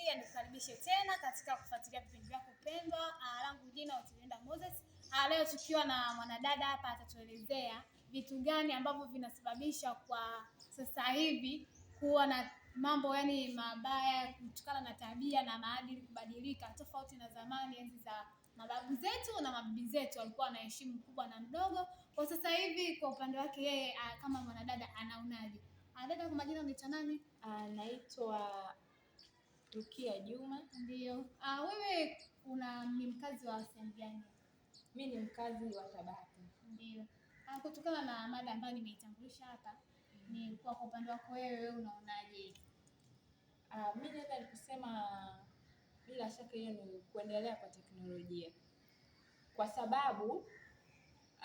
TV nikukaribishe tena katika kufuatilia vipindi vyako pendwa. Ah, langu jina Utilenda Moses. Ah, leo tukiwa na mwanadada hapa, atatuelezea vitu gani ambavyo vinasababisha kwa sasa hivi kuwa na mambo yani mabaya kutokana na tabia na maadili kubadilika, tofauti na zamani, enzi za mababu zetu na mabibi zetu walikuwa heshima kubwa na mdogo. Kwa sasa hivi, kwa upande wake yeye ah, kama mwanadada anaonaje? Dada, kwa majina unaitwa nani? Anaitwa Rukia Juma. Ndio. Ah, wewe una ni mkazi wa sehemu gani? Mimi ni mkazi wa Tabata. Ndio. Ah, kutokana na mada ambayo nimeitambulisha hapa, ni kwa upande wako wewe unaonaje? Ah, mimi naweza nikusema bila shaka hiyo ni kuendelea kwa teknolojia kwa sababu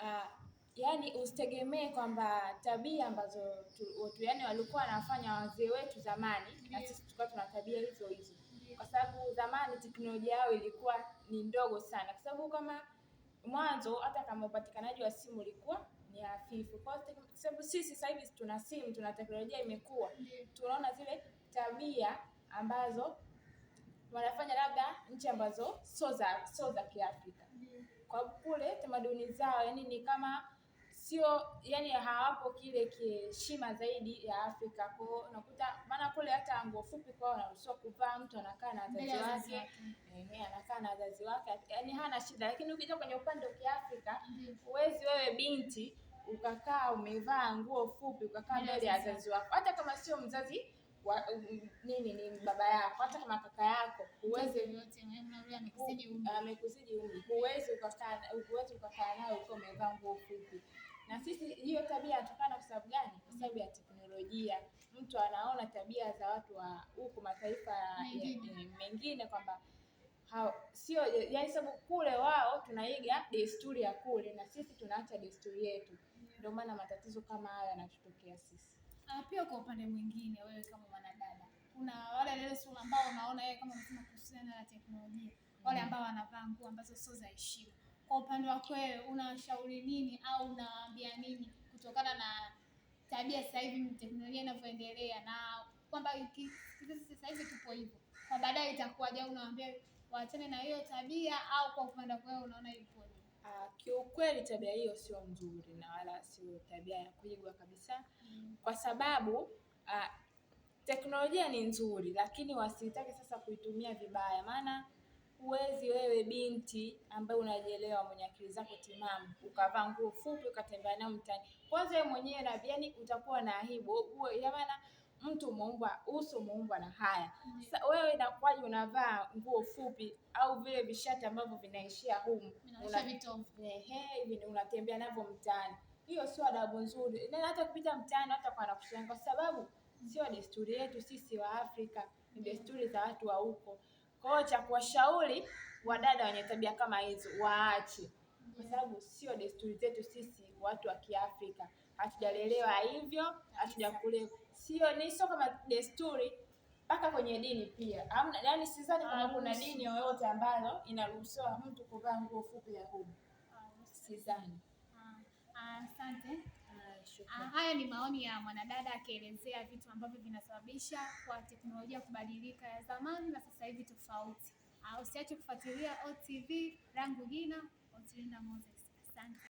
ah, yani usitegemee kwamba tabia ambazo tu, tu, yaani walikuwa wanafanya wazee wetu zamani na sisi tukawa tuna tabia hizo hizo, kwa sababu zamani teknolojia yao ilikuwa ni ndogo sana, kwa sababu kama mwanzo hata kama upatikanaji wa simu ulikuwa ni hafifu, kwa sababu sisi sasa hivi tuna simu, tuna teknolojia imekuwa, tunaona zile tabia ambazo wanafanya labda nchi ambazo sio za sio za Kiafrika, kwa kule tamaduni zao, yani ni kama sio yani hawapo kile kiheshima zaidi ya Afrika. Kwa hiyo unakuta maana kule hata nguo fupi kwao wanaruhusiwa kuvaa, mtu anakaa na wazazi wake ehe, anakaa na wazazi wake, yani hana shida. Lakini ukija kwenye upande wa Kiafrika huwezi wewe binti ukakaa umevaa nguo fupi ukakaa mbele ya wazazi wako, hata kama sio mzazi wa, nini ni baba yako, hata kama kaka yako, huwezi amekuzidi umri, huwezi ukakaa naye ukiwa umevaa nguo fupi. Na sisi hiyo tabia inatokana kwa sababu gani? Kwa sababu ya teknolojia. Mtu anaona tabia za watu wa huko mataifa mengine kwamba sio yaani, sababu kule wao tunaiga desturi ya kule na sisi tunaacha desturi yetu, ndio maana matatizo kama haya yanatutokea sisi. Ah, pia kwa upande mwingine, wewe kama mwanadada, kuna wale leo sura ambao unaona yeye kama mtu kuhusiana na teknolojia, wale mm. ambao wanavaa nguo ambazo sio za heshima kwa upande wako wewe unashauri nini au unawaambia nini kutokana na tabia sasa hivi teknolojia inavyoendelea na kwamba kizazi sasa hivi kipo hivyo, kwa baadaye itakuwaje? Au unawaambia waachane na hiyo tabia, au kwa upande wako wewe unaona ipoje? Uh, ah, kiukweli tabia hiyo sio nzuri na wala sio tabia ya kuigwa kabisa, mm. Kwa sababu uh, teknolojia ni nzuri, lakini wasitake sasa kuitumia vibaya maana Huwezi wewe binti ambaye unajielewa mwenye akili zako timamu ukavaa nguo fupi ukatembea nayo mtaani, kwanza wewe mwenyewe na yaani utakuwa na aibu uwe maana mtu umeumbwa uso umeumbwa na haya. Sasa wewe inakuwaje unavaa nguo fupi au vile vishati ambavyo vinaishia humu hivi unatembea navyo mtaani? Hiyo sio adabu nzuri, na hata kupita mtaani hata kwa nakushanga, kwa sababu sio desturi yetu sisi wa Afrika, ni desturi za watu wa huko. Kwa hiyo cha kuwashauri wadada wenye tabia kama hizo waache, kwa sababu sio desturi zetu sisi watu wa Kiafrika, hatujalelewa hivyo, hatujakule sio ni sio kama desturi mpaka kwenye dini pia. Hamna, yani sidhani kama kuna dini yoyote ambayo inaruhusiwa mtu kuvaa nguo fupi ya humu, sidhani. Ah, haya ni maoni ya mwanadada akielezea vitu ambavyo vinasababisha kwa teknolojia kubadilika ya zamani na sasa hivi tofauti. Ah, usiache kufuatilia OTV, langu jina Otlinda Moses. Asante.